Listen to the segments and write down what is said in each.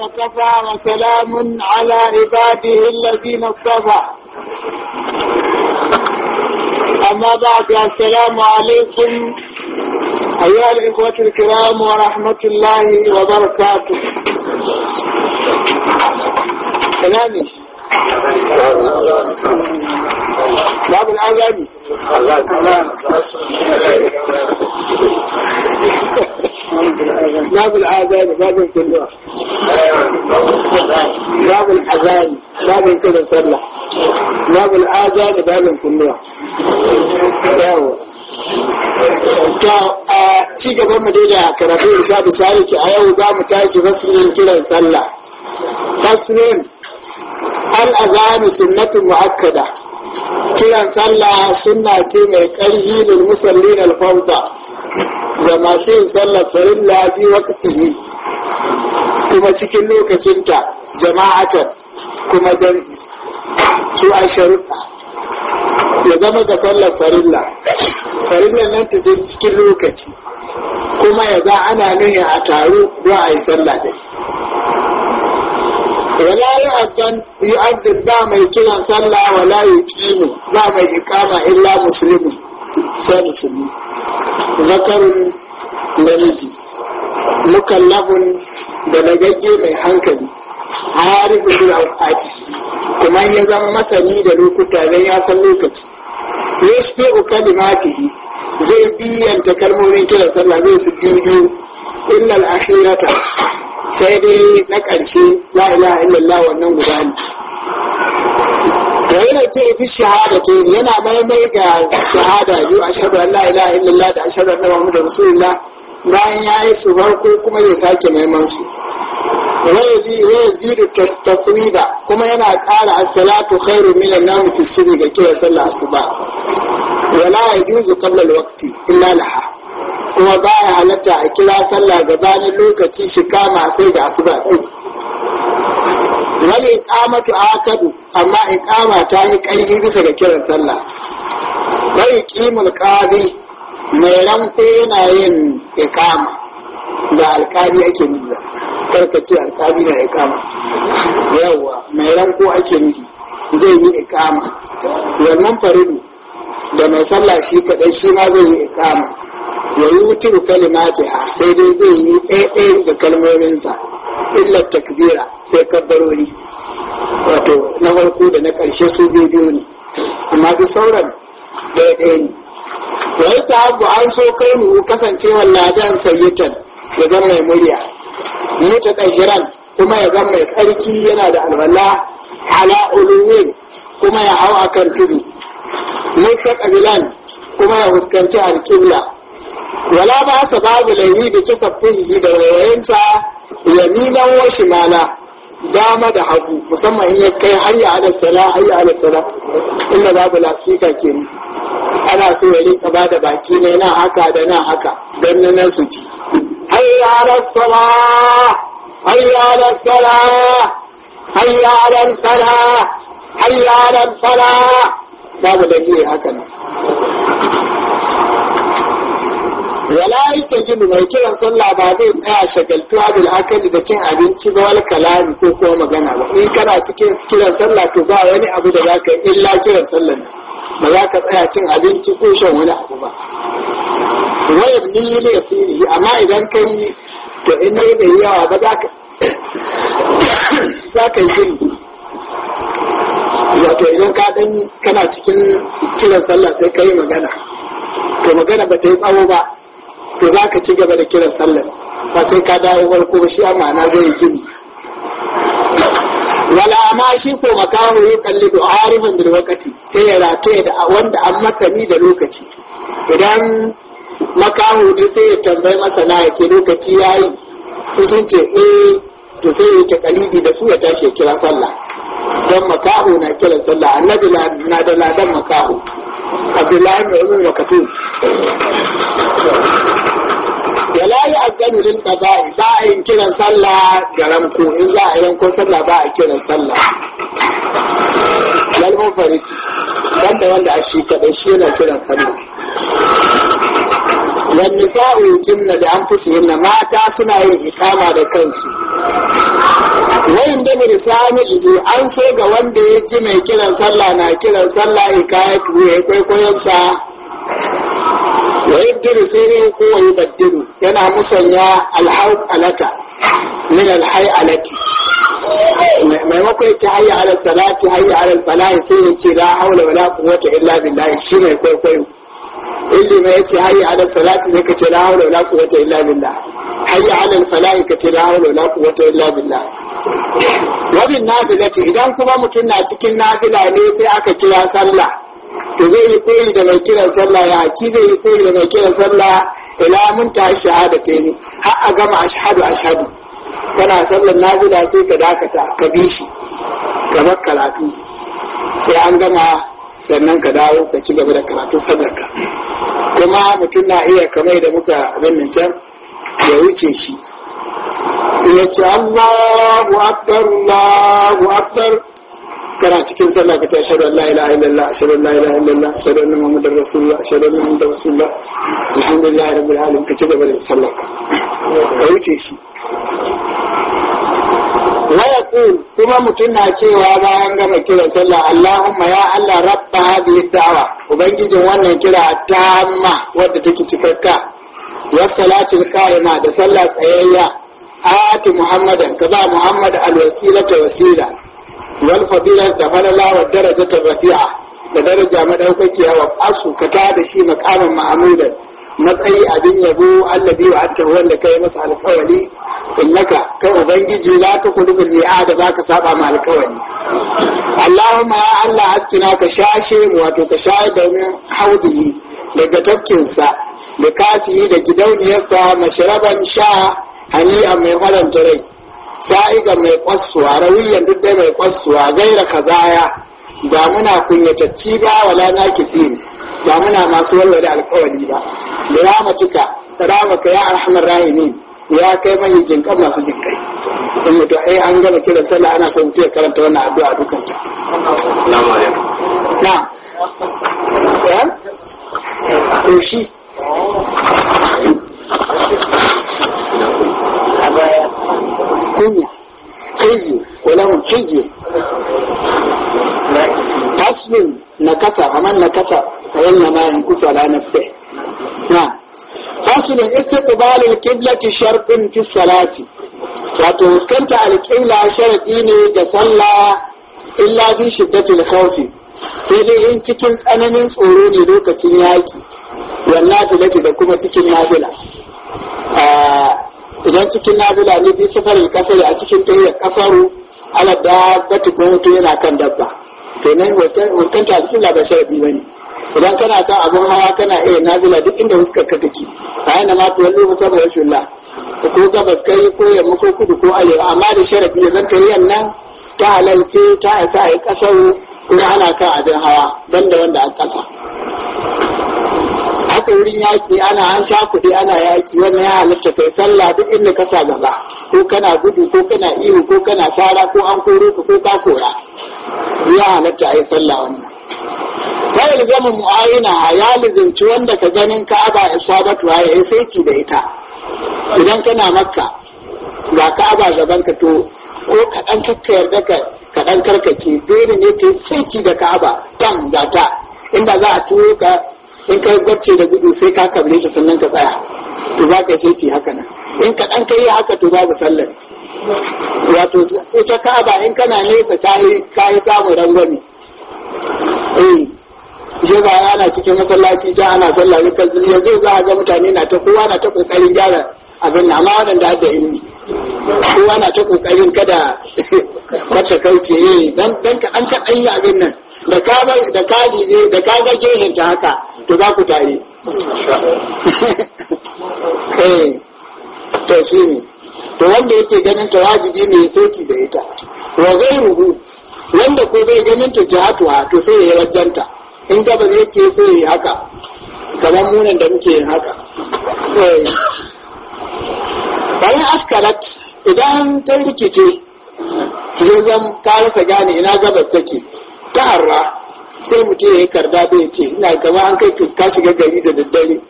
وكفى وسلام على عباده الذين اصطفى أما بعد السلام عليكم أيها الإخوة الكرام ورحمة الله وبركاته كلامي باب الأذان باب الآذان باب كلها باب الأذان باب كل صلى باب الآذان باب كلها ياو to a ci gaban mu da karatu in sha bisaliki a yau za mu tashi fasilin kiran sallah fasilin al-azani sunnatun mu'akkada kiran sallah sunna ce mai ƙarfi lil musallin al-fawda ga masu yin sallar farilla wata waqtihi kuma cikin lokacinta jama'atan kuma jam'i su a sharuɗa ya zama ga sallar farilla farilla nan ta ce cikin lokaci kuma ya za ana nuhin a taro ruwa a yi sallah ɗin wala yi yu'addin ba mai kiran sallah wala yuqimu ba mai ikama illa musulmi sai musulmi zakarun namiji mukallafun da nagagge mai hankali harifu bil awqati kuma ya zama masani da lokuta dan ya san lokaci yashbi'u kalimatihi zai biyanta kalmomin kiran sallah zai su biyu illal akhirata sai dai na ƙarshe la ilaha illallah wannan guda ne da yana kira fi shahada to yana maimai ga shahada biyu ashhadu an la ilaha illa da ashhadu anna muhammadar rasulullah bayan ya yi su farko kuma zai sake maiman su zi zidu tasfida kuma yana ƙara as-salatu khairu min an fi subhi ga kira sallah asuba wala yajuzu qabla al-waqti illa laha kuma baya halatta a kira sallah gabanin lokaci shi kama sai da asuba din wal iqamatu akadu amma iqama ta yi ƙarfi bisa ga kiran sallah bari qimul qadi mai ranko yana yin iqama da alƙali ake nufi ba karka ce alƙali na iqama yawa mai ranko ake nufi zai yi iqama wannan faridu da mai sallah shi kaɗai shi ma zai yi iqama wa yutiru ha sai dai zai yi ɗaya ɗaya da kalmominsa illa takbira sai kabbarori wato na farko da na ƙarshe su biyu ne amma duk sauran ɗaya ɗaya ne wai ta abu an so kai mu kasancewar ladan sayyitan ya zama mai murya mutu ɗahiran kuma ya zama mai ƙarki yana da alwala ala uluwin kuma ya hau akan tudu musta ƙabilan kuma ya fuskanci alƙibla wala ba sa babu lahi da tasaffuhi da ya nina wa shimala dama da hagu musamman in ya kai hayya ala sala hayya ala sala inda babu lasfika kenan ana so ya rika ba da baki ne na haka da na haka don nan su ci hayya ala sala hayya ala sala hayya ala fala hayya ala sala babu da yi haka nan wala yake gini mai kiran sallah ba zai tsaya shagaltuwa bil akali da cin abinci ba wal kalami ko kuma magana ba in kana cikin kiran sallah to ba wani abu da zaka yi illa kiran sallah ba za ka tsaya cin abinci ko shan wani abu ba wayar ni ne sirri amma idan ka yi to in ne da yawa ba za ka za ka yi gini wato idan ka dan kana cikin kiran sallah sai ka yi magana to magana ba ta yi tsawo ba to za ka ci gaba da kiran sallar ba sai ka dawo farko shi amma na zai yi gini wala ma shi ko makahu da arifan da lokaci sai ya rataye da wanda an masani da lokaci idan makahu ne sai ya tambayi masana ya ce lokaci ya yi kusan ce eh to sai ya kalidi da su ya tashi kira sallah don makahu na kiran sallah annabi na da ladan makahu abdullahi ibn umar makatum ya azanu lil qada'i ba a yin kiran sallah ga ranko in za a yi rankon sallah ba a kiran sallah lal munfarid banda wanda a shi kaɗai shi yana kiran sallah wan nisa'u yuqimna bi anfusihinna mata suna yin ikama da kansu wayin da bi sami an so ga wanda ya ji mai kiran sallah na kiran sallah hikayatu ya kwaikwayon sa wa yabdiru sirrin ko wa yubaddiru yana musanya alhaq alata min alhay alati maimakon ya ce hayya ala salati hayya ala falahi sai ya ce la haula wala quwwata illa billahi shi mai kwaikwayo inda mai yace hayya ala salati sai ka ce la hawla wala quwwata illa billah hayya ala al falahi ka la hawla wala quwwata illa billah wabin nafilati idan kuma mutum na cikin nafila ne sai aka kira sallah to zai yi koyi da mai kiran sallah ya ki zai yi koyi da mai kiran sallah ila mun ta shahada ta ne har a gama ashhadu ashhadu kana sallar nafila sai ka dakata ka bi shi kamar karatu sai an gama sannan ka dawo ka ci gaba da karatu sallaka kuma mutum na iya kamar da muka ganin can ya wuce shi ya ce Allahu akbar Allahu akbar kana cikin sallah ka ce ashhadu an la ilaha illallah ashhadu an la ilaha illallah ashhadu anna muhammadar rasulullah ashhadu anna muhammadar rasulullah alhamdulillahi rabbil alamin ka ci gaba da sallaka ka wuce shi kuma كما متنا cewa bayan gama kiran sallah Allahumma ya Allah rabba hadhihi da'wa ubangijin wannan kira tamma wadda take cikakka wa salatul qa'ima da sallah tsayayya ati muhammadan ka ba muhammad alwasila ta wasila wal fadila da falala wa darajata rafi'a da daraja madaukakiya wa asu ka ta da shi makamin ma'amudan matsayi abin yabo allah wa anta wanda kai masa alkawari innaka kai ubangiji la tukhlifu al ba ka saba ma alƙawari. Allahumma ya Allah askina ka shashe mu wato ka shaye da mu haudihi daga sa da kasihi da gidauniyar gidauniyarsa mashraban sha a mai faranta rai sa'iga mai kwassuwa rawiyan duk da mai kwassuwa gaira kazaya ba muna kunyatacci ba wala na kisin ba muna masu warware alkawali ba da ramatuka ramaka ya arhamar rahimin ya kai mai jinkan masu jinkai in mutu ai eh, an gama kiran sallah ana son mutu ya karanta wannan addu'a dukanta na ya to shi kunya hiji wala hiji المسلم نكث ومن نكث فإنما ينكث على نفسه نعم فصل استقبال القبلة شرط في الصلاة wato fuskanta alƙibla sharaɗi ne ga sallah illa fi shiddatil khawfi sai dai in cikin tsananin tsoro ne lokacin yaƙi wannan da kuma cikin na'bila. idan cikin na'bila ne bi safarin kasar a cikin tayyar kasaru ala da batu mutu yana kan dabba to nan hoton ta cikin ba sharadi ba ne idan kana kan abin hawa kana iya nazila duk inda fuskar ka take a yana ma to wallo musamman rashin la ko gabas kai ko yamma ko kudu ko arewa amma da sharadi zan ta yi nan ta halarci ta isa a yi ƙasar kuma ana kan abin hawa banda wanda a ƙasa haka wurin yaƙi ana an cakuɗe ana yaƙi wannan ya halitta kai sallah duk inda ka sa gaba ko kana gudu ko kana ihu ko kana sara ko an koro ka ko ka koya. ya halatta a yi sallah wannan ta zaman mu'ayina ya lizinci wanda ka ganin ka'aba ya sabatu ya yi saiti da ita idan kana makka ga ka'aba gaban ka to ko kaɗan kakka yarda kaɗan karkace dole ne ka yi saiki da ka'aba tan ga ta inda za a turo ka in ka gwacce da gudu sai ka kable sannan ka tsaya to za ka yi saiki haka nan in kaɗan ka yi haka to babu sallar wato ita ka'aba in kana nesa ka yi samun rangwami eh je za ana cikin masallaci ja ana sallah ne kalbi yanzu za a ga mutane na ta kowa na ta kokarin gyara abin na amma wadanda da ilimi kowa na ta kokarin kada kwace kauce eh dan dan ka an ka an yi abin nan da ka ga da ka dibe da ka ga ta haka to za ku tare eh to shi ne to wanda yake ganin ta wajibi ne ya soki da ita wa zai ruhu wanda ko bai ganin ta jihatuwa to sai ya wajenta in gaba zai ke so ya yi haka kamar munan da muke yin haka eh. bayan askarat idan ta rikice zan ka rasa gane ina gabas take ta harra sai mutum ya yi karda bai ce ina gaba an kai ka shiga gari da daddare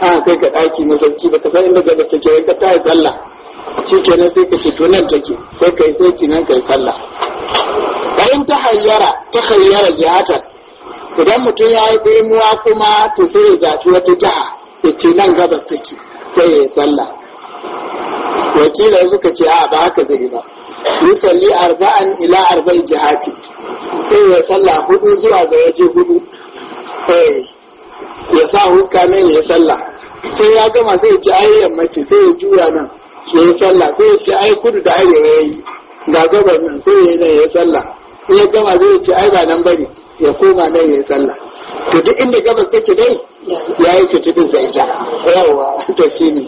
an kai ka ɗaki masauki Ka san inda gabas take ka ta yi sallah shi kenan sai ka ce to nan take sai kai sai ki nan kai sallah bayan ta hayyara ta hayyara jihata idan mutum ya yi ɗemuwa kuma to sai ya gafi wata jiha ya ce nan gabas take sai ya yi sallah wakila suka ce a ba haka zai ba yusalli arba'an ila arba'in jihati sai ya sallah hudu zuwa ga waje hudu eh, ya sa huska nan ya yi sallah sai ya gama sai ya ci ai sai ya juya nan ya yi sallah sai ya ce ai kudu da arewa ya yi ga gabar nan sai ya yi nan ya yi sallah in ya gama zai ce ai ba nan ne ya koma nan ya yi sallah to duk inda gabas take dai ya yi fitidin sai ta yawa to shi ne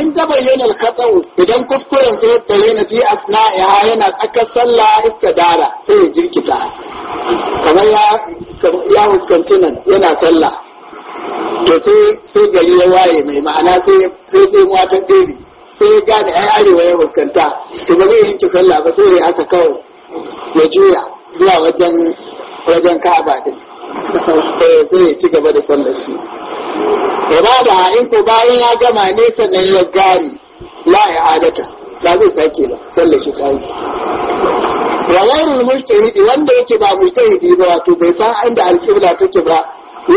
in ta bayyana al idan kuskuren sai ta fiye fi sana'a yana tsakar sallah dara sai ya jirkita kamar ya ya fuskanci nan yana sallah to sai gari ya waye mai ma'ana sai girma ta ɗebe sai ya gane ai arewa ya fuskanta to ba zai yanke sallah ba sai ya haka kawai ya juya zuwa wajen wajen ka'aba din eh, sai ya ci gaba da sallar shi ibada in ko bayan ya gama ne sannan ya gane la ya adata ba zai sake ba sallar shi ta yi wa ghairul mujtahidi wanda yake ba mujtahidi ba wato bai san inda alqibla take ba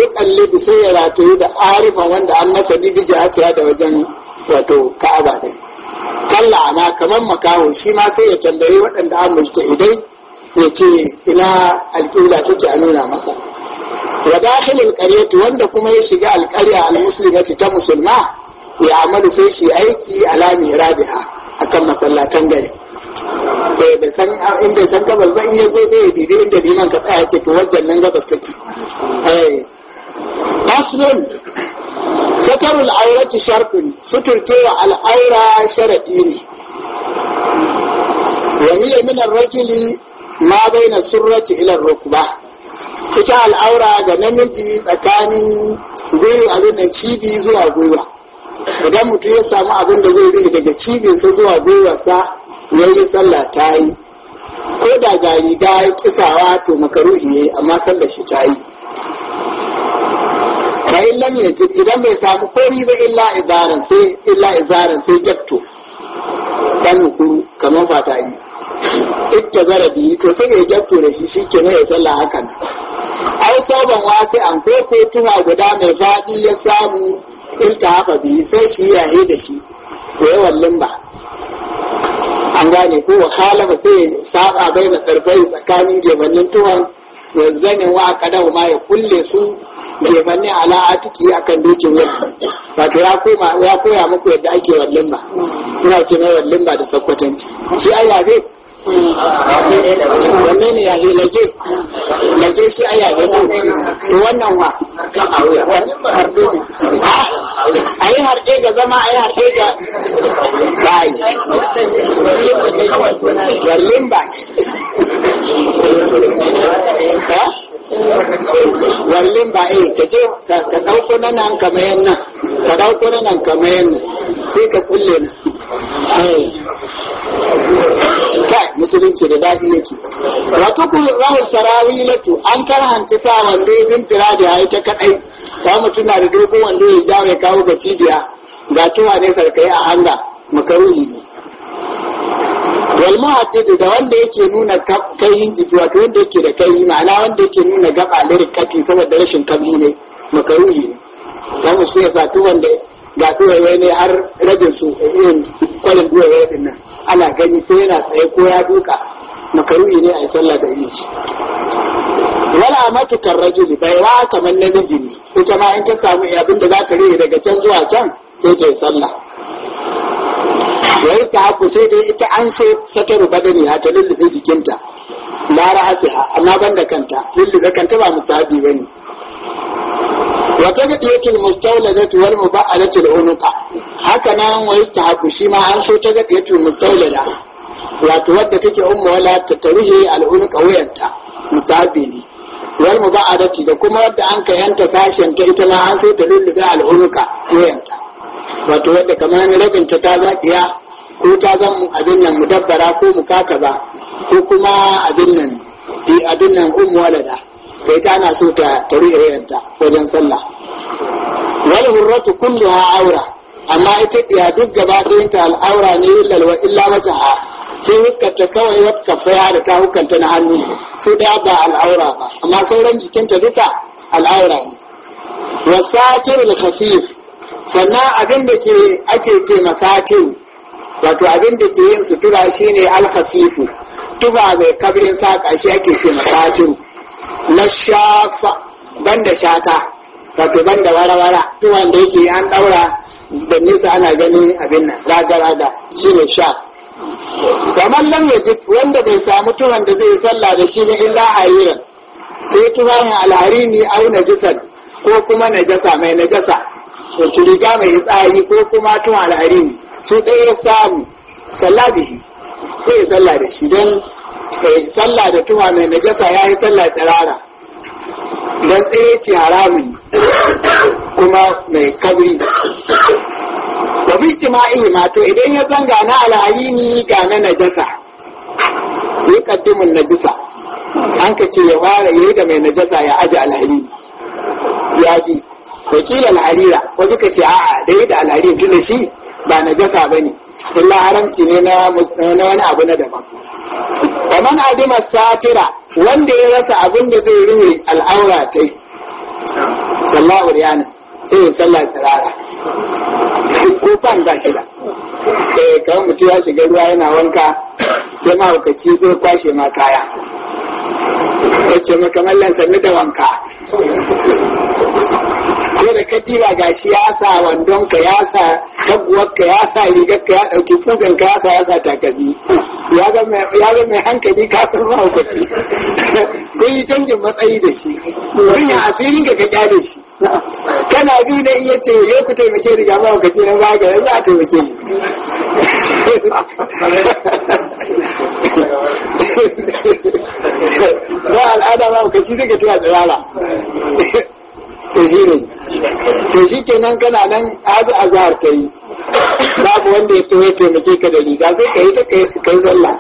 yuqallibu sai ya ratayi da arifa wanda an masa bibi jihatiya da wajen wato ka'aba dai kalla ana kamar makaho shi ma sai ya tambayi waɗanda an mulki idai ya ce ina alƙibla take a nuna masa wa dakhilul qaryati wanda kuma ya shiga alƙarya almuslimati ta musulma ya amalu sai shi aiki ala mirabiha akan masallatan gari eh, bai san in san gabas ba in ya zo sai ya dibi inda liman ka tsaya ce to wajen nan gabas take eh aslun satarul aurati sharfin suturcewa al'aura sharaɗi ne wani ya minar rajuli ma bai na surraci ilar rukba ita al'aura ga namiji tsakanin gwiwa abin da cibi zuwa gwiwa idan mutum ya samu abin da zai rufe daga cibinsa zuwa gwiwarsa ya yi sallah ta yi ko da ga riga kisawa to makaruhi amma sallar shi ta yi fa in lam yajid idan bai samu komi ba illa izaran sai illa izaran sai jatto dan kuru, kamar fatari ita zara biyu to sai ya jatto da shi shi kenan ya sallah haka nan ai sabon wasi an ko ko tuha guda mai faɗi ya samu in ta biyu sai shi yaye da shi to yawan limba an gane ko wahala ba sai ya saba bai na tsakanin gebannin tuhon wa zanin wa kadau ma ya kulle su jefanni ala atiki kan dokin wani. wato ya koma ya koya muku yadda ake wallin ba ina ce mai wallin ba da sakkwatanci shi ai yabe wannan ne yare lage lage shi ai yabe ko to wannan wa hardo a yi harɗe ga zama a yi harɗe ga bayi wallin ba wallin ba eh ka je ka dauko na nan ka mayan nan ka dauko na nan ka mayan nan sai ka kulle na. Eh. kai musulunci da daɗi yake wato ku rahul sarawi latu an karhanta sa wando bin fira da yayi ta kadai ta mutum na da dogon wando ya jawo ya kawo ga cibiya ga tuwa ne sarkai a hanga makaruhi ne wal muhaddidu da wanda yake nuna kaihin jiki wato wanda yake da kai ma'ana wanda yake nuna gaba lirikati saboda rashin kabli ne makaruhi ne dan su ya zato wanda ga duwaye ne har rajin su irin kwalin duwaye din nan ana gani ko yana tsaye ko ya duka makaruhi ne a yi sallah da yin shi wala matukar rajuli bai wa kamar namiji ne ita ma in ta samu abin da za ta rufe daga can zuwa can sai ta yi sallah iska haku sai dai ita an so sataru badani ha ta lullube jikinta la ra'asiha amma da kanta lullube kanta ba mustahabi ba ne. Wata da tuwar mu ba a da unuqa haka nan wa haku shi ma an so ta mustaula da. wato wadda take umma wala ta taruhe al'unuka wuyanta mustahabi ne wal a da kuma wadda an kayanta sashen ta ita ma an so ta lullube al'unuka, wuyanta. wato wadda kamar rabin ta zan iya ko ta zan abin nan mudabbara ko mukataba ko kuma abin nan eh, abin nan ummu walada da ta na so ta tarihiyarta wajen sallah wal hurratu kulluha aura amma ita ya duk gaba ɗayanta al'aura ne illal wa illa wajaha sai huskarta kawai wata kafaya da ta hukanta na hannu su ɗaya ba al'aura ba amma sauran jikinta duka al'aura ne wasatirul khafif sannan abin da ke ake ce masatin wato abin da ke yin sutura shine alhasifu tufa mai kabirin saƙa shi ake ce masatin na shafa banda shata wato banda wara-wara tuwan da yake an ɗaura da nisa ana ganin abin nan raga-raga ne shafa kamar lam ji wanda bai samu tuhan da zai sallah da shi ne illa ran. sai tuhan alharimi au najisan ko kuma najasa mai najasa riga mai tsari ko kuma tun ne su ɗaya ya samu sallah shi ko ya sallah da shi don sallah da tuma mai najasa ya yi sallah tsirara don tsire ci haramun kuma mai kabri wa fi ijtima'i ma mato idan ya zanga na ne ga na najasa ya kaddimin najasa an ka ce ya fara yi da mai najasa ya aji al'ari ya bi wakila harira wasu ka ce a'a da yadda alharin tunda shi ba na jasa ba ne illa haramci ne na wani abu na daban wa man adima satira wanda ya rasa abin da zai rufe al'aura ta yi sallahu riyana sai ya sallah tsirara ko ba shi da eh kawai mutum ya shiga ruwa yana wanka sai ma ci zo kwashe ma kaya ya ce maka sannu da wanka ko da ba ga gashi ya sa wandon ka ya sa taguwar ka ya sa rigar ka ya dauki kugan ka ya sa ya sa takabi ya ga mai hankali kafin san mahaukaci ko yi canjin matsayi da shi rinya asiri ka ka da shi kana bi da iya ce ya ku taimake ni ga mahaukaci na baga yanzu a taimake shi ba al'ada mahaukaci zai ga tuwa tsirara to shi ne to shi kenan kana nan azu azhar ka yi babu wanda ya ya taimake ka da riga sai ka yi ta ka yi sallah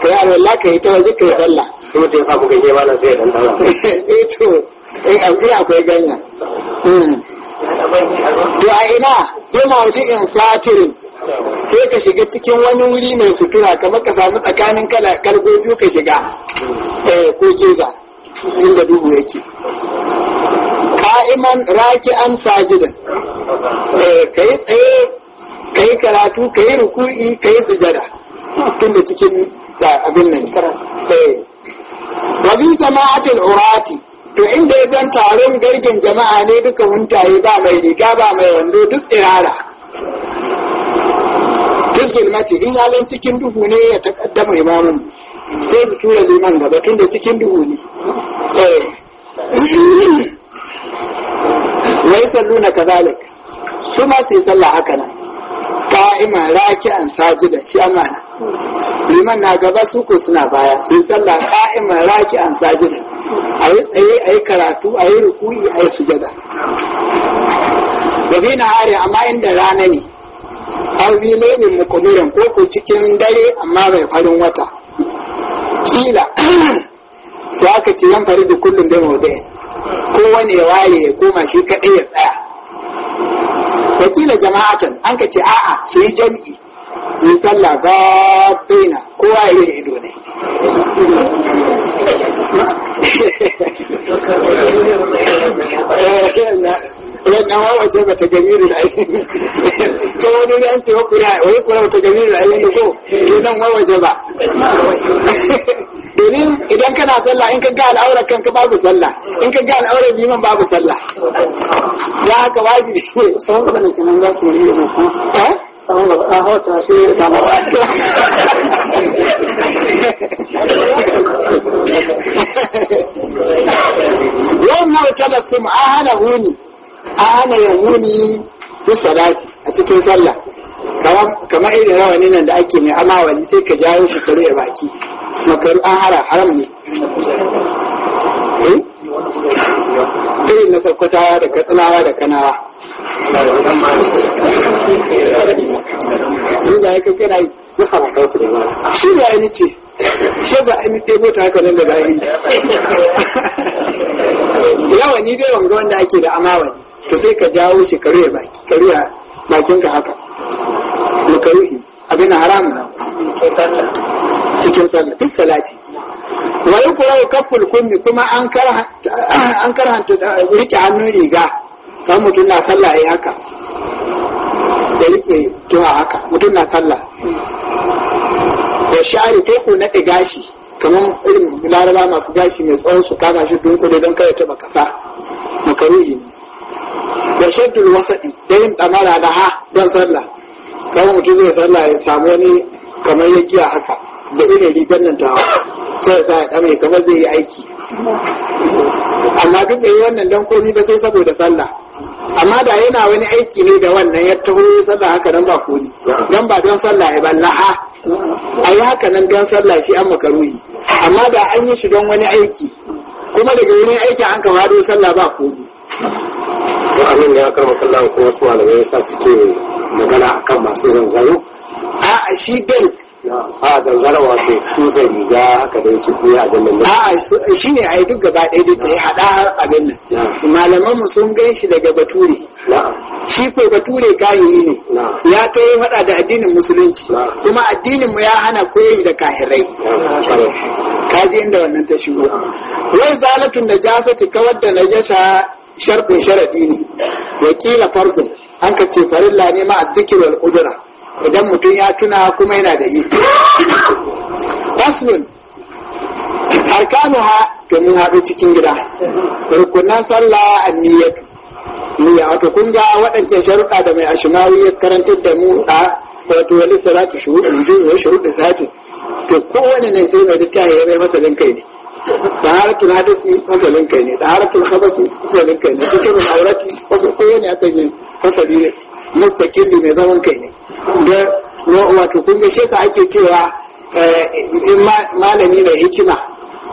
ka yi alwala ka yi ta waje ka yi sallah kuma ta yasa ka yi malam sai ya eh to eh akwai ganya hmm. to a ina ya in satirin sai ka shiga cikin wani wuri mai sutura kamar ka samu tsakanin kala kargo biyu ka shiga eh, ko geza inda duhu yake qa'iman raki'an sajidan eh, kai tsaye kai karatu kai ruku'i kai sujada tun da cikin abin nan kai eh. wa urati to inda ya zan taron gargin jama'a ne duka huntaye ba mai riga ba mai wando duk tsirara duk zulmati in yalan cikin duhu ne ya takaddama imamun sai su tura liman gaba tun da cikin duhu ne eh. wa yusalluna kadhalik su ma su yi sallah haka nan an saji da shi amana liman na gaba su ko suna baya su yi sallah an saji da a yi tsaye a yi karatu a yi ruku'i a yi sujada da zina hari amma inda rana ne an wilainin mukumirin ko ko cikin dare amma mai farin wata kila sai aka ci yan fari da kullum da maudayin kowane ya ware ya koma shi kaɗai ya tsaya wakila jama'atan an ka ce a'a su yi jam'i su yi sallah ba baina kowa ya yi ido ne wannan wawace ba ta gami da ainihin ta wani ran ce wa kura wata gamiru da ainihin ko ke nan wawace ba domin idan kana sallah in ka ga al'aurar kanka babu sallah in ka ga al'aurar biman babu sallah ya haka wajibi ne sauran da kenan za su yi eh? da su eh sauran da a na shi da ba wannan tabassum ahana huni ahana huni bi salati a cikin sallah kamar irin rawanin nan da ake mai amawali sai ka jawo shi kare baki makaru an hara haram ne eh? irin na sarkwatawa da katsinawa da kanawa sun zai kai kana yi na samakan su da mara shi yi ainihi ce shi za a yi ɗebo ta haka nan da za zahiri yawa ni bai wanga wanda ake da amawa ne. to sai ka jawo shi ka ruya baki ka ruya bakin ka haka makaruhi abin haram cikin sallah salati wa yukrahu kafful kummi kuma an an karhanta rike hannun riga kan mutum na sallah yayi haka ya rike tuwa haka mutum na sallah ya shari ko ko na gashi kamar irin laraba masu gashi mai tsawon su kama shi dunkule don kai taba kasa makaruhi ne da shaddu wasaɗi da yin ɗamara da ha don sallah kamar mutum zai sallah ya samu wani kamar ya giya haka da irin rigar nan tawa sai sa ya kamar kamar zai yi aiki amma duk da yi wannan dan komi ba sai saboda sallah amma da yana wani aiki ne da wannan ya taho sallah haka nan ba komi dan ba don sallah ya balla a yi haka nan don sallah shi an makaruhi amma da an yi shi don wani aiki kuma daga wani aiki an ka don sallah ba komi to ya karba sallah ko wasu malamai sa suke magana akan masu zanzaro a shi dai a zanzara wato cusa riga haka da su fiye a ganin a shi ne a yi duk gaba ɗaya duk da ya haɗa abin nan malamanmu sun gan shi daga bature shi ko bature kahiri ne ya ta yi faɗa da addinin musulunci kuma addinin mu ya hana koyi da kahirai kaji inda wannan ta shigo wai zalatun najasati kawar da najasa sharfin sharaɗi ne wakila farkon an ka ce farilla ne ma a wal qudra idan mutum ya tuna kuma yana da iko har arkanuha ha domin haɗu cikin gida rukunan sallah anniyatu niyya wato kun ga waɗancan sharuɗa da mai ashimawi ya karantar da mu a wato wani salatu shuruɗin wujudu wa shuruɗin sati to kowane ne sai mai littafi ya mai masalin kai ne Da daharatul hadisi masalin kai ne da daharatul khabasi masalin kai ne suturul aurati wasu kowane akan yin ne mustaqilli mai zaman kai ne wato kun ga sheka ake cewa eh, malami mai hikima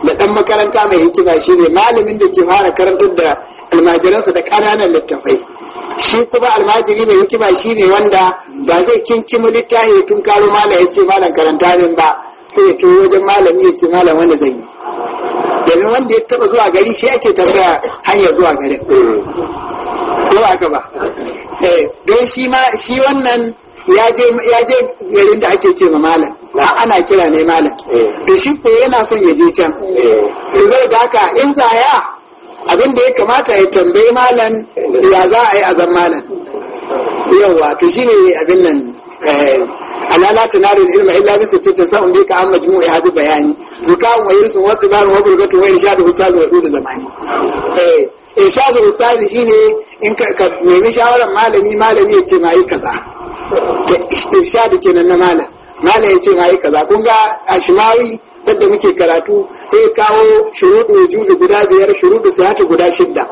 da ɗan makaranta mai hikima shi ne malamin da ke fara karantar da almajiransa da ƙananan littafai shi kuma almajiri mai hikima shi ne wanda ba zai kinkimo littafi tun karo malam ya ce malam karanta min ba sai ya turo wajen malami ya ce malam wani zan yi domin wanda ya taba zuwa gari shi ake tambaya hanyar zuwa garin ko ba ba eh, don shi wannan ya je garin da ake ce ma malam ba ana kira ne malam eh. to shi ko yana son ya je can eh. to zai da haka in zaya abin da ya kamata ya tambayi malam ya za a yi azan malam yawa to shi ne abin nan eh, alala tunarin ilma illa bi sittatin sa'un bi ka amma jumu'i hadu bayani zukan wa yirsu wa qibaru wa burgatu wa irshadu ustaz wa dudu zamani eh irshadu ustaz shine in ka nemi shawaran malami malami ya ce ma yi kaza ta irshadu kenan na malam malam ya ce ma yi kaza kun ga ashimawi sadda muke karatu sai kawo shuruɗu juɗu guda biyar shuruɗu sihatu guda shidda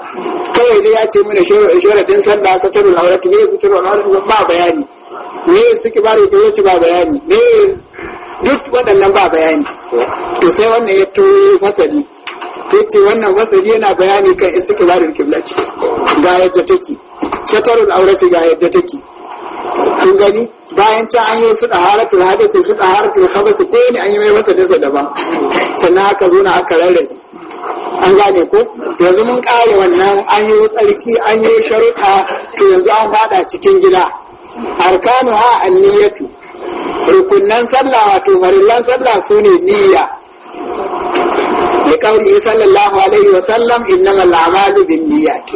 kawai dai ya ce mana sharaɗin sallah satar aurati ne satarul aurati ba bayani ne su kibaru da wuce ba bayani ne duk waɗannan ba bayani to sai wannan ya turo fasali ya ce wannan fasali yana bayani kan suke istiqbalul qibla ga yadda take satarun aurati ga yadda take an gani bayan can an yi wasu da haratul hadasi su da haratul ko ne an yi mai masa dasa daban sannan aka zo na aka rarrabe an gane ko yanzu mun kare wannan an yi tsarki an yi sharuɗa to yanzu an bada cikin gida arkanu ha anniyatu rukunnan sallah wato farillan sallah su ne niyya da kauri sallallahu alaihi wa sallam innamal a'malu bin niyyat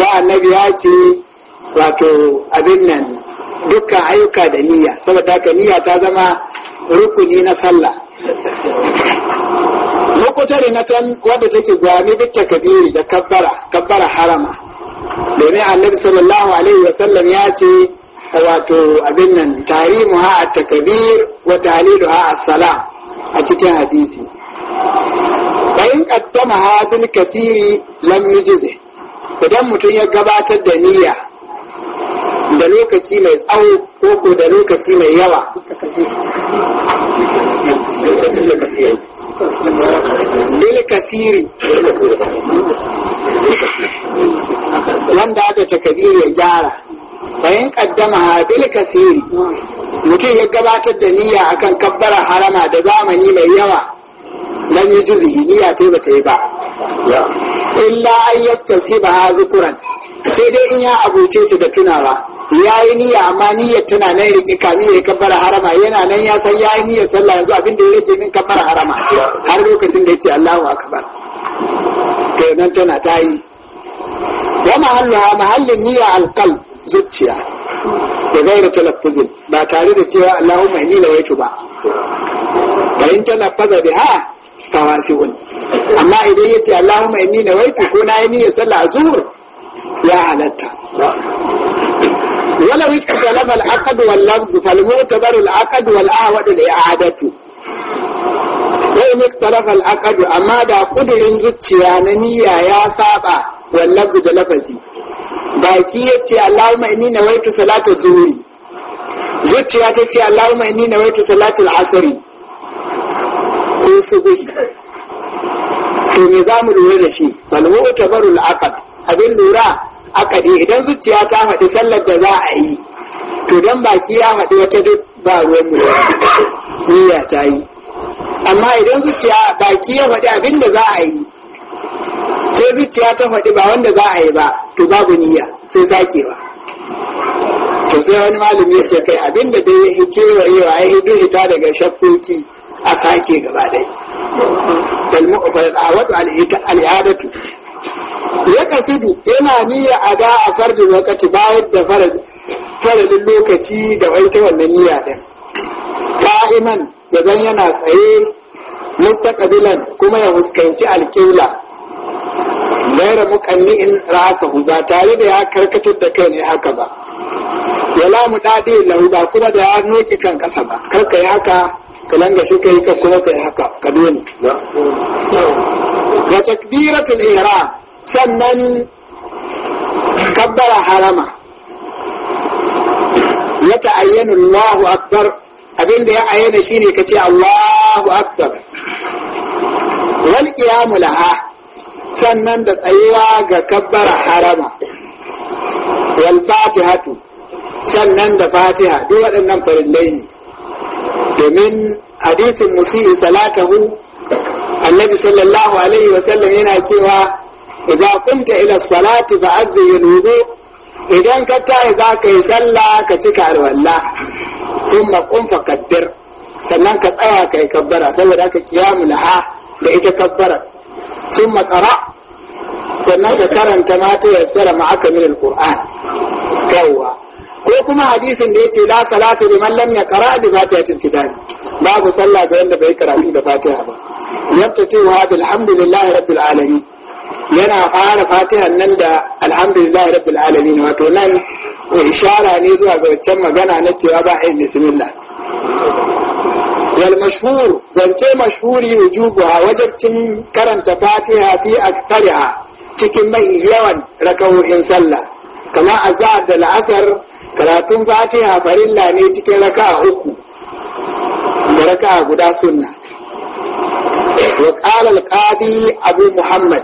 ya annabi ya ce wato abin nan dukkan ayyuka da niyya saboda haka niyya ta zama rukuni na sallah mukutari na tan wadda take gwami bitta kabiri da kabbara kabbara harama domin annabi sallallahu alaihi wa sallam ya ce wato abin nan tarimu ha at-takbir wa tahlilu ha as-salam a cikin hadisi bayin qaddama ha kafiri kathiri lam yujzi idan mutum ya gabatar da niyya da lokaci mai tsawo ko ko da lokaci mai yawa bil kasiri wanda aka ce ya gyara bayan kaddama bil kasiri mutum ya gabatar da niyya akan kabbara harama da zamani mai yawa lam yi juzi niyya ta ba yi ba illa an yastasiba ha zukuran sai dai in ya abuce ta da tunawa ya yi niyya amma niyyar tana nan rike kami ya kabbara harama yana nan ya san ya yi niyyar sallah yanzu abin da ya rage min kabbara harama har lokacin da ya ce Allahu akbar to nan tana ta yi wa mahalluha mahallin niyya alqal zuciya da zaira talaffuzin ba tare da cewa Allahumma inni waitu ba bayin talaffaza biha fawasiun amma idan ya ce Allahumma inni waitu ko na yi niyyar sallah zuhur ya halatta wala wita talaba al'aqad wal lafz fal mu'tabar al'aqad wal ahwad al i'adatu wai mustalafa al'aqad amma da kudirin zuciya na niyya ya saba wal da lafazi baki yace allahumma inni nawaitu salatu zuhri zuciya ta ce allahumma inni nawaitu salatu al-asri ko subuhi to me za mu lura da shi fal mu'tabar al'aqad abin lura akadi idan zuciya ta haɗu sallar da za a yi to don baki ya haɗu wata duk ba ruwan mu niyya ta yi amma idan zuciya baki ya faɗi abin da za a yi sai zuciya ta faɗi ba wanda za a yi ba to babu niyya sai sakewa to sai wani malami ya ce kai abin da dai ya yi kewayewa ya hidu ita daga shakkoki a sake gaba ɗaya al'adatu ya kasidu yana niyya a da a fardin lokaci bayar da faradin lokaci da ita wannan niyya ɗin ka'iman ya zan yana tsaye mustaqbilan kuma ya fuskanci alƙibla gaira muƙanni'in rasa ba tare da ya karkatar da kai ne haka ba wala mu daɗi lahu ba kuma da ya noki kan ƙasa ba kar yi haka ka shi ka yi ka kuma ka yi haka ka doni ga takdiratul ihram sannan kabbara harama ya ta'ayyana Allahu akbar abinda ya ayyana shine ka ce Allahu akbar wal qiyamu laha sannan da tsayuwa ga kabbara harama wal fatihatu sannan da fatiha duk waɗannan farillai ne domin hadisin musi salatahu annabi sallallahu alaihi wasallam yana cewa idza qumta ila salati fa ya wudu idan ka tayi za ka yi sallah ka cika alwala thumma qum fa kabbir sannan ka tsaya ka yi kabbara saboda haka da ita kabbara sannan ka karanta mata yassara ma'aka min alquran ko kuma hadisin da yace la salatu liman lam yaqra bi fatihatil kitab babu sallah ga wanda bai karatu da fatiha ba yaftatu wa bilhamdulillahi rabbil alamin yana fara fatihan nan da alhamdulillah rabbil alamin wato nan ishara ne zuwa ga waccan magana na cewa ba a bismillah wal mashhur zance mashhuri wujubuha wajibcin karanta fatiha fi akthariha cikin mai yawan rakawoyin sallah kama azhar da la'asar karatun fatiha farilla ne cikin raka'a uku da raka'a guda sunna wa qala al-qadi abu muhammad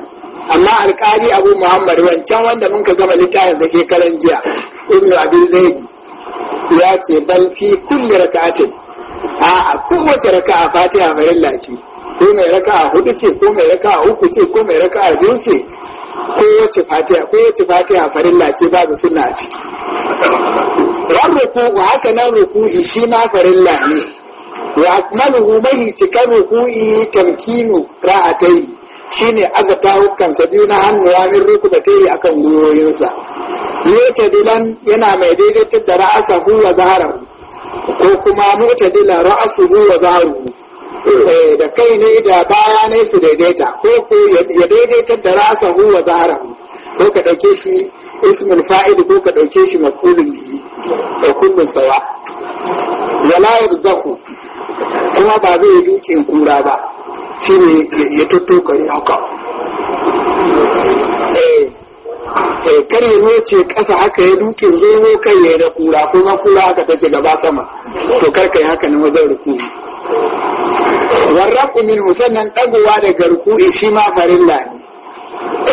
amma alkali abu muhammad wancan wanda mun ka gama littafin sa shekaran jiya ibnu abin zaidi ya ce bal fi kulli raka'atin a a kowace raka'a fatiha farilla ce ko mai raka'a hudu ce ko mai raka'a uku ce ko mai raka'a biyu ce kowace fatiha kowace fatiha farilla ce da sunna a ciki ran ruku'u haka nan ruku'i shi ma farilla ne wa akmaluhu mahi cikar ruku'i tamkinu ra'atai Shi ne aga tahukansa biyu na hannu ya ruku da a akan gwiwoyinsa yota dilan yana mai daidaitar da ra'asa huwa zaharahu ko kuma mutadila huwa wa zaharuhu eh, da kai ne da baya ne su daidaita ko ko ya daidaitar da ra'asahu huwa zaharahu ko ka ɗauke shi ismul fa'id ko ka ɗauke shi maqulun biyu? da kullum sawa wala Zaku kuma ba zai yi dukin kura ba shi ne ya kare haka eh, eh, kar ya noce ƙasa haka ya duke zomo kai ya yi da kura kuma kura haka take gaba sama to kar ka yi haka ne wajen rukuni warraku min sannan ɗagowa daga ruku'i shi ma farilla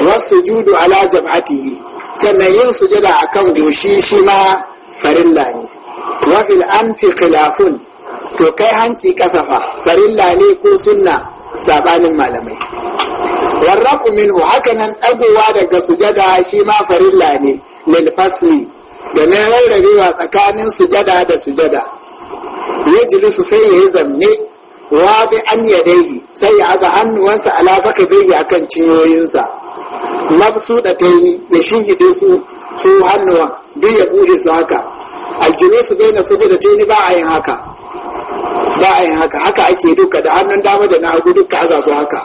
ne wasu judu ala jam'atihi sannan yin sujada akan goshi shi ma farilla ne wafil an fi khilafun to kai hanci kasafa farilla ne ko sunna sabanin malamai warraku minhu nan ɗagowa daga sujada shi ma farilla ne lil fasli da na rarrabewa tsakanin sujada da sujada yajlisu sai yayi zamne wa bi an yadaihi sai ya aza hannuwansa ala baka bai kan cinyoyinsa mafsu da ta yi ya shingide su su hannuwan duk ya buɗe su haka aljulusu bai na sujada taini ba a yin haka ba a yin haka haka ake duka da hannun dama da na hagu duka aza su haka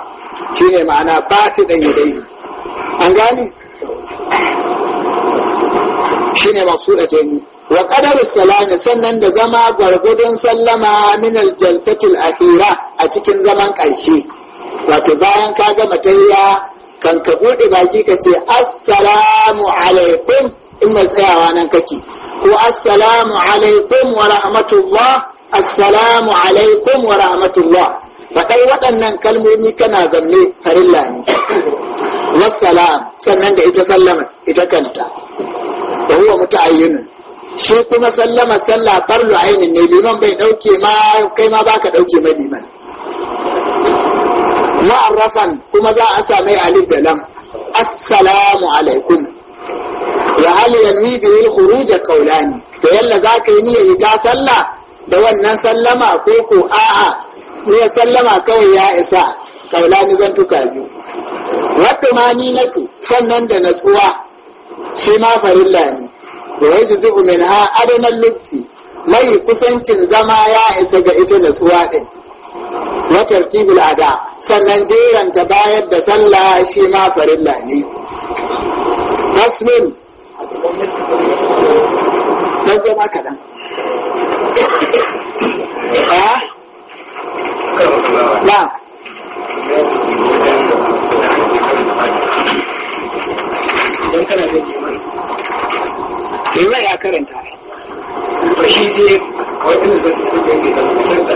Shi ne ma'ana ba su dan dai. an gani Shi ne masu shine maqsudatin wa ƙadar salani sannan da zama gwargwadon sallama min aljalsatil akhira a cikin zaman karshe wato bayan ka gama tayya kan ka buɗe baki ka ce assalamu alaikum in mai tsayawa nan kake ko assalamu alaikum wa rahmatullah assalamu alaikum wa rahmatullah faɗai waɗannan kalmomi kana zanne farilla ne wassalam sannan da ita sallama ita kanta da huwa muta'ayyinun shi kuma sallama sallah farlu ainin ne liman bai ɗauke ma kai ma baka ɗauke ma liman mu'arrafan kuma za a sa mai alif da lam assalamu alaikum Ya hal yanwi bihi khuruj qawlani to yalla zaka yi niyyar ta sallah da wannan sallama ko ko a'a ruwa sallama kawai ya isa ni zan tuka biyu wadda ma ni natu sannan da natsuwa shi ma farilla ne da ya ji zubu min ha adanan lutsi mai kusancin zama ya isa ga ita natsuwa ɗin na tartibul ada sannan jeranta bayar da sallah shi ma farilla ne muslim dan zama kaɗan نعم Liman ya karanta, shi waɗanda da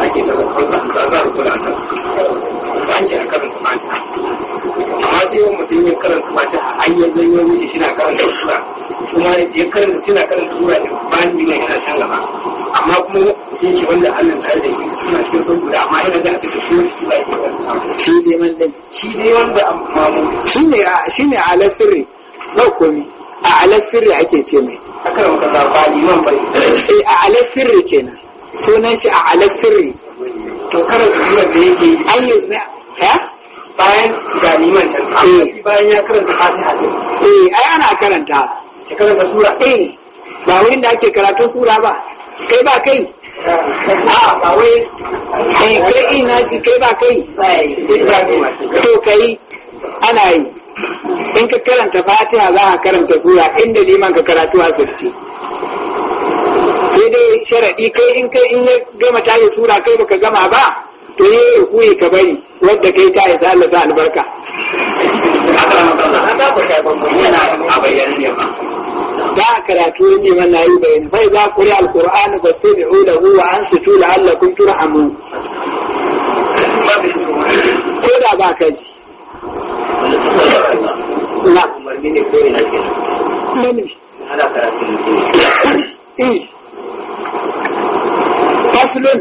ake sanar da za a kula a Ba an ce karanta sai mutum ya karanta a an yi zanyo shi na karanta sura. Kuma ya karanta karanta sura da bayan liman yana can gaba. amma kuma shi ke wanda Allah ta da shi suna cikin sun guda amma yana da cikin shi shi ba yake wani shi ne wanda shi ne wanda amma mu shi ne shi ne a sirri ba komi a ala ake ce mai akan ka zabani man bai eh a ala kenan sunan shi a ala sirri to karin kuma da yake an yi ne ha bayan ga liman can eh. bayan ya karanta fatiha eh ai ana karanta ya karanta sura eh ba wurin da ake karatun sura ba kai ba kai ah, a eh, kai ina ci kai ba kai to kai ana yi in ka karanta fatiha za a karanta sura inda liman ka karatu a asirce sai dai sharaɗi kai in kai in ya gama yi sura kai baka gama ba to yi ka bari wadda kai ta yi isa Allah sa albarka ba a karatu in liman na yi bayani fa za ku alquran fastami'u da su ansitu ula turhamun ko da ba ka ji na umarni ne eh. ko da ba ka ji. faslun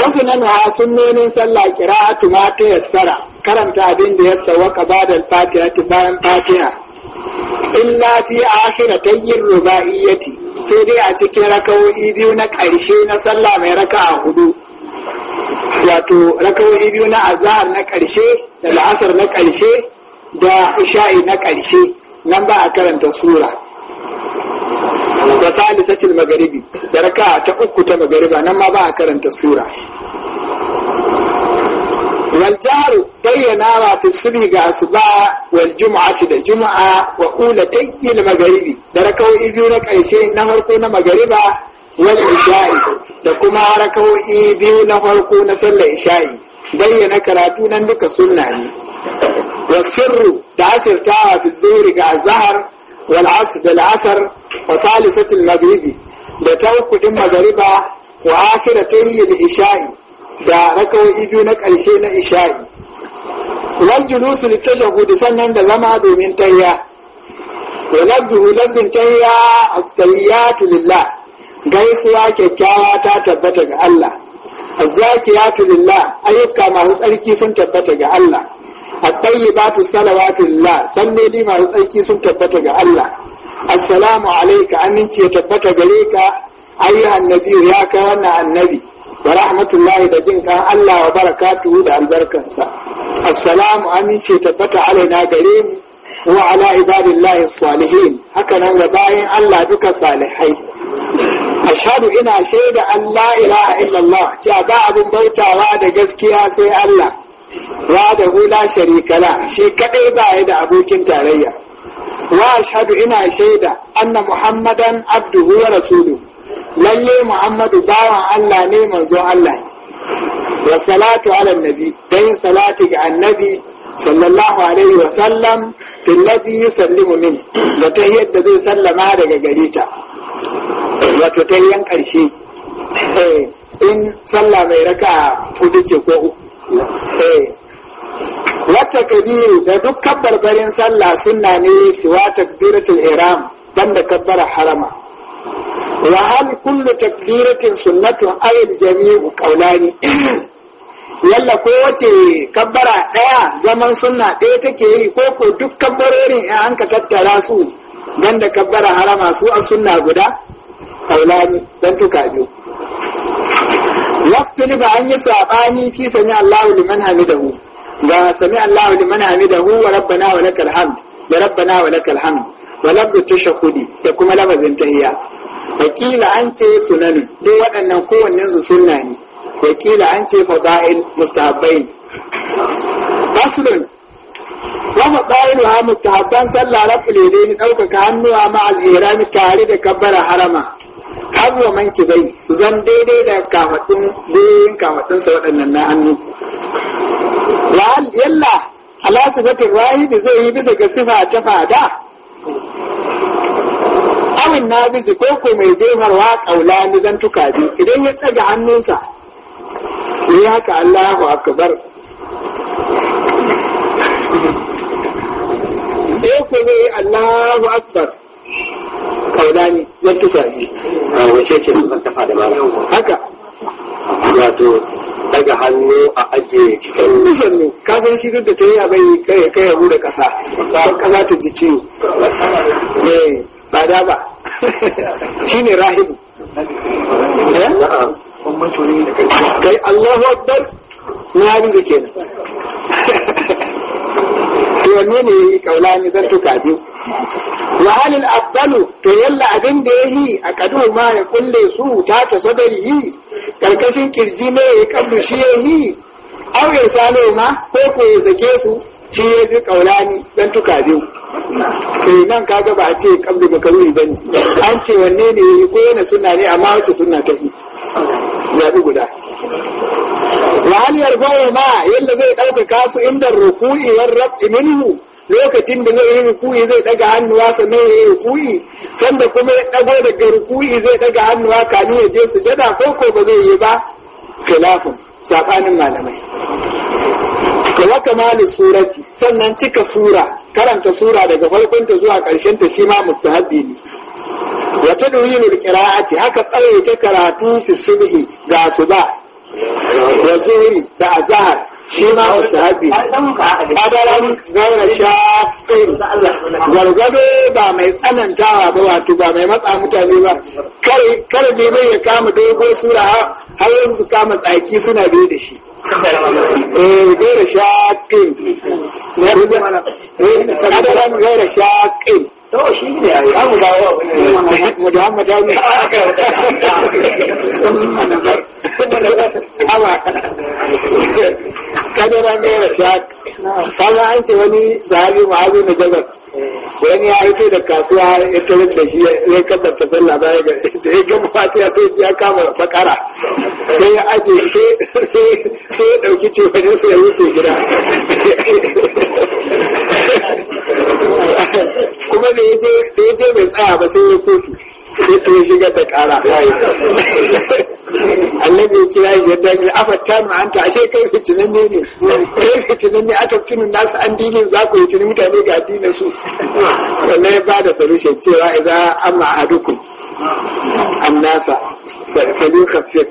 wasu nan ha sunnonin sallah qira'atu ma ta yassara karanta abin da ya waka ba da fatiha bayan fatiha illa fi akhiratayn rubaiyati sai dai a cikin rakawo'i biyu na ƙarshe na sallah mai raka'a hudu wato rakawo'i biyu na azahar na ƙarshe da la'asar na ƙarshe da isha'i na ƙarshe nan ba a karanta sura da salisatul magaribi da raka'a ta uku ta magariba nan ma ba a karanta sura wal bayyana ma fi ga asuba wal da juma'a wa ula tayyil magharibi da rakawai biyu na karshe na farko na magariba wal isha'i da kuma rakawai biyu na farko na sallar isha'i bayyana karatu nan duka sunna ne wa sirru da asirtawa fi zuhri ga azhar wal da La'asar, wa salisatul maghribi da ta din magariba wa akhiratayn isha'i da raka'o'i biyu na ƙarshe na isha'i wal julusu litashahudi sannan da zama domin tayya wa lafzuhu lafzin tayya as lillah gaisuwa kyakkyawa ta tabbata ga Allah az-zakiyatu lillah ayyuka masu tsarki sun tabbata ga Allah ba tu salawatu lillah salloli masu tsarki sun tabbata ga Allah assalamu alayka aminci ya tabbata gare ka ayyuhan nabiyyu ya kai wannan annabi wa rahmatullahi da jin kan Allah wa barakatu da albarkansa assalamu amince tabbata alaina gare mu wa ala ibadillahi salihin haka nan ga bayan Allah duka salihai ashhadu ina shaida Allah ilaha illallah cewa ba abin bautawa da gaskiya sai Allah wa da hula sharikala shi kadai ba ya da abokin tarayya wa ashhadu ina shaida anna muhammadan abduhu wa rasuluhu lalle muhammadu bawan allah ne manzo allah wa salatu ala nabi dan salatu ga annabi sallallahu alaihi wa sallam billazi yusallimu min da ta yadda zai sallama daga gare ta wato ta yan karshe eh in sallah mai raka hudu ce ko uku eh wata kabiru da duk barbarin sallah sunna ne siwa takbiratul ihram banda kabbara harama wa hal kullu takbiratin sunnatun awil jami'u qaulani yalla ko wace kabbara daya zaman sunna daya take yi ko ko duk kabbarorin in an ka tattara su dan da kabbara harama su a sunna guda qaulani dan tuka biyu waqtin ba an yi sabani fi sami Allahu liman hamidahu ga sami Allahu liman hamidahu wa rabbana wa lakal hamd da rabbana wa lakal hamd wa lafzu tashahudi da kuma lafazin tahiyya wakila an ce sunanin duk waɗannan kowannen su sunna ne wakila an ce fada'il mustahabbai aslun wa fada'il wa mustahabban sallah rafil ni ɗaukaka hannuwa ma al tare da kabbara harama har wa manki bai su zan daidai da kafaɗin gurin kafaɗin waɗannan na hannu yalla ala sifatin wahidi zai yi bisa ga sifa ta fada awin na bizi ko ko mai jefarwa kaula ni zan tuka bi idan ya tsaga hannunsa ya yi haka Allahu akbar eh ko zai yi Allahu akbar kaula ni zan tuka bi a wace ce zan tafa da ba haka wato daga hannu a ajiye cikin sannu ka san shi duk da ta yi abai kai kai ya hura kasa kasa ta ji ciwo eh, ba da ba shi ne rahibu eh? kai allahu akbar na hamza kenan to wanne ne yi kaula ne zan tuka biyu wa halin Abdalu to yalla abin da ya yi a kadu ma ya kulle su ta ta yi. karkashin kirji ne ya kallu shi ya yi. ya salo ma ko ko ya zake su shi ya bi kaula ne zan tuka biyu eh nan kaga ba a ce kabdu makaruhi bane an ce wanne ne yayi ko yana suna ne amma wace suna ta yi zabi guda wa hal yarfa'u ma yalla zai dauka kasu inda ruku'i war rab'i minhu lokacin da zai yi ruku'i zai daga hannuwa sannan ya yi ruku'i sanda kuma ya dago daga ruku'i zai daga hannuwa kamin ya je sujada ko ko ba zai yi ba khilafun saɓanin malamai Ka wa mali surati sannan cika sura karanta sura daga farkonta zuwa ƙarshen ta shi ma mustahabbi ne wa tadwilul qira'ati haka ta karatu ta subhi ga ba, da zuhri da azhar shi ma mustahabi kadaran gaira sha tsayin gwargwado ba mai tsanantawa ba wato ba mai matsa mutane ba kar ne mai ya kama dogon sura har yanzu su kama tsaki suna biyu da shi eh gaira sha tsayin kadaran gaira sha tsayin to shi ba wa Muhammad ya ne kadara naira sha kaga an ce wani sahabi ma'azu na jabal wani ya haifi da kasuwa ya tarin da shi ya kaddata sallah ga da ya gama fata ya sai ya kama fakara sai ya aje sai ya ɗauki ce wani su ya wuce gida kuma da ya je bai tsaya ba sai ya kotu sai ta da kara annabi ya kira shi ya tashi afatta ma anta ashe kai fitinan ne ne kai fitinan ne aka tunun nasu an dinin za ku fitini mutane ga addinin su sannan ya ba da solution cewa idan amma ahadukum an nasa falu kafir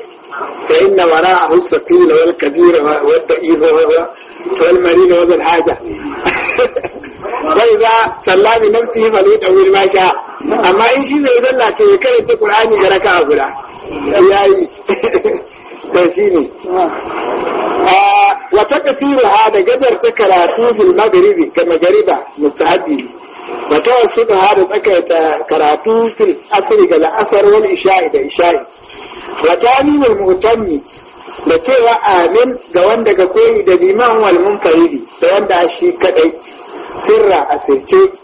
fa inna wara'ahu as-saqil wal kabir wad da'if wal marid wal haja wa idza sallami nafsihi falu tawil ma sha'a amma in shi zai zalla to ya karanta qur'ani ga raka'a guda yayi dan shi ne wa taqsiruha da gajarta karatu fil maghribi ga magariba mustahabbi ne wa tawassuha da tsakaita karatu fil ga la'asar wal isha'i da isha'i wa tanimul mu'tammi da cewa amin ga wanda ga koyi da liman wal munfaridi da wanda shi kadai sirra asirce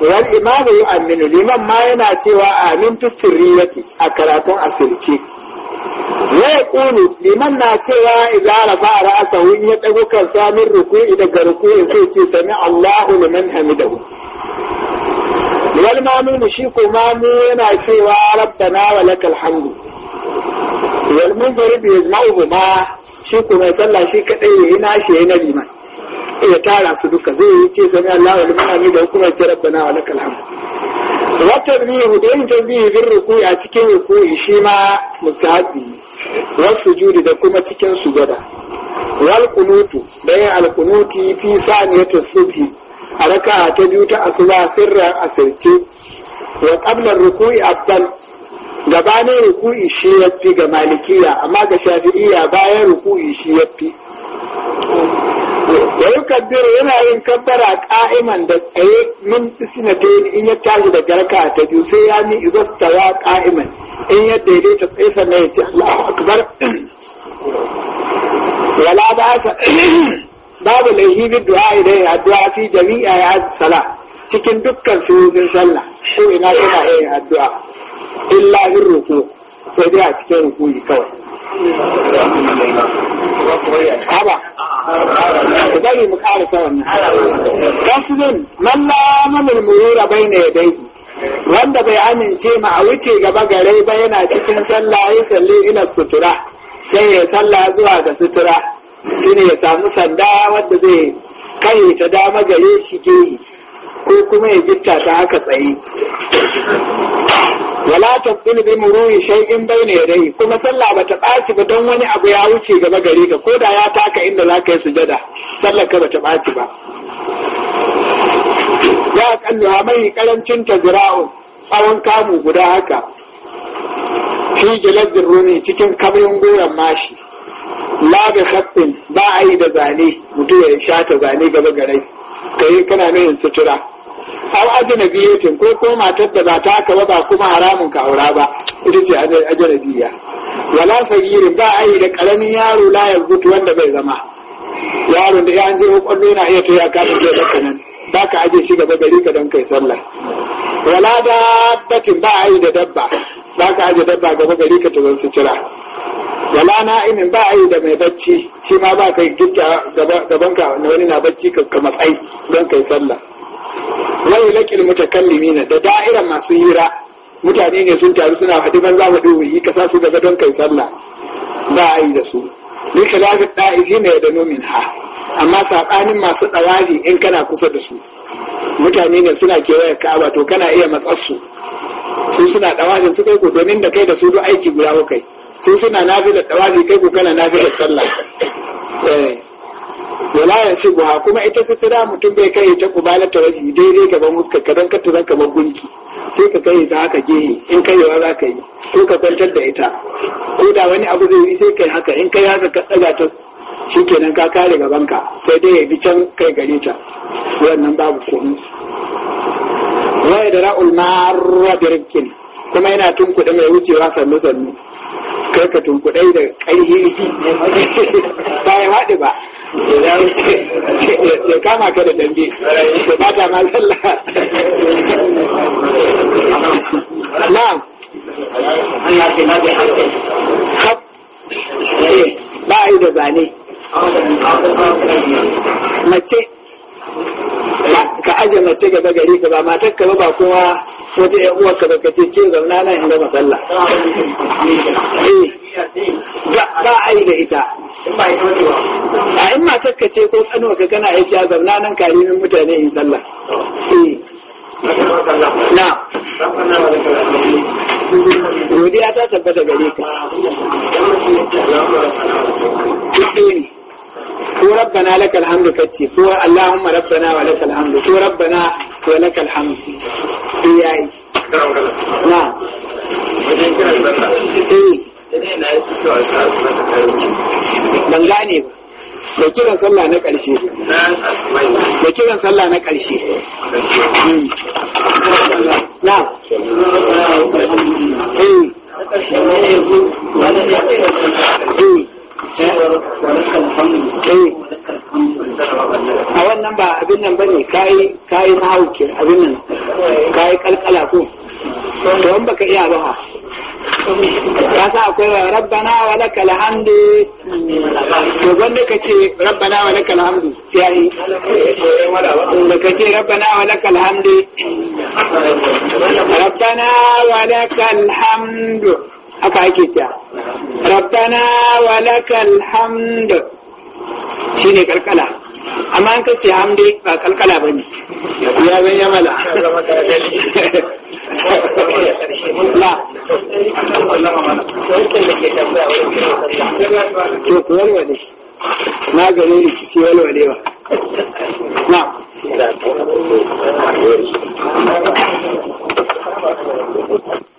wal imamu Aminu, liman ma yana cewa amin fi sirriyati a karatun asirce wa yaqulu liman na cewa idza rafa ra'sahu in ya dago kansa min ruku'i daga ruku'i sai ce sami Allahu liman hamidahu wal mamun shi kuma mu yana cewa rabbana wa lakal hamdu wal munfarid ma shi kuma mai sallah shi kadai yayi nashi yayi na liman ya tara su duka zai yi ce sami Allah wal ma'ami da hukumar ce rabbana wa lakal hamd wa tasbihu da yin bin ruku'i a cikin ruku'i shi ma mustahabbi wa sujudi da kuma cikin sujada wal qunutu da yin al qunuti fi saniyati subhi a raka'a ta biyu ta asuba sirran asirce wa qabla ruku'i afdal gabanin ruku'i shi yafi ga malikiya amma ga shafi'iya bayan ruku'i shi yafi wa yukaddiru yana yin kabbara qa'iman da tsaye min isnatayn in ya tashi da garka ta biyu sai ya mi izastawa qa'iman in ya daidaita tsaye sannan ya ce Allahu akbar wala ba sa babu laihi bi du'a idan ya addu'a fi jami'a ya sala cikin dukkan shugaban sallah ko ina kana yin addu'a illa in roƙo sai dai a cikin rukuyi kawai haba ku bari mu karasa wannan tasmin man la wanda bai amince ma a wuce gaba gare ba yana cikin sallah ya salli ila sutura sai ya sallah zuwa ga sutura shine ya samu sanda wanda zai kai ta dama gare shi ko kuma ya gitta ta haka tsaye wala ta taqulu bi shay in bayna yadayhi kuma sallah bata baci ba don wani abu ya wuce gaba gari ka da ya taka inda zaka yi sujada sallar ka bata baci ba ya kallu mai karancin tazra'u tsawon kamu guda haka fi gilazin runi cikin kabrin goron mashi la bi ba a yi da zane mutum ya sha ta zane gaba gare kai kana mai sutura au ajnabiyatin ko ko matar da ba ta ka ba kuma haramun ka aura ba ita ce ajnabiya wala sagirin ba ai da karamin yaro la yazbutu wanda bai zama yaron da yan an je kwallo yana iya tuya ka ce daga nan ba ka aje shi gaba gari ka don kai sallah wala da batin ba ai da dabba ba ka aje dabba gaba gari ka ta su kira wala na in ba ai da mai bacci shi ma ba kai gidda gaban ka wani na bacci ka matsayi don kai sallah wani laƙil mutakallimina da da'ira masu hira mutane ne sun taru suna faɗi mu faɗi yi kasa su gaba don kai sallah ba a yi da su ni khilafin da'izi ne da nomin ha amma saɓanin masu ɗawari in kana kusa da su mutane ne suna kewaye ka'aba to kana iya matsar su su suna ɗawarin su kai ko domin da kai da su duk aiki guda kai su suna nafilar ɗawari kai ko kana nafilar sallah eh. wala ya su buha kuma ita sutura mutum bai kai ta kubala ta waje daidai gaban muska ka don kata zanka gunki sai ka kai ta haka gehe in kai yawa za ka yi ko ka kwantar da ita ko da wani abu zai yi sai kai haka in kai haka ka ɗaga ta kenan ka kare gaban ka sai dai ya bi can kai gare ta wannan babu komai wa ya dara ulmarra birkin kuma yana tunkuɗe mai wucewa sannu sannu kai ka tunkuɗe da ƙarfi ba ya faɗi ba idan ya kama ka da dambe da bata ma sallah na'am eh, ba a yi da zane mace ka aje mace gaba gari ka ba matar ka ba kowa wata yan uwa ka baka ce ke zauna nan in gama sallah eh, ba a yi da ita a in matakka ce ko kano ka gana ya ja zamna nan karimin mutane in sallah eh. na godiya ta tabbata gare ka kuɗe ne ko rabbana lakal hamdu kacce, ko allahumma rabbana wa laka hamdu ko rabbana wa laka hamdu ko yayi na eh ban gane ba da kiran sallah na ƙarshe da kiran sallah na ƙarshe hmm. na hmm. hmm. a wannan ba abin nan bane kayi kayi na hauke abin nan kayi kalkala ko don baka iya ba kasa akwai wa rabbana wa laka alhamdu to ka ce rabbana wa laka alhamdu ya yi da ka ce rabbana wa laka alhamdu rabbana wa laka alhamdu haka ake cewa rabbana wa laka alhamdu shine karkala amma an kace dai ba kalkala bane ya zan ya mala to ko wani ne kuwar wane maganin rikici walwalewa na Thank you.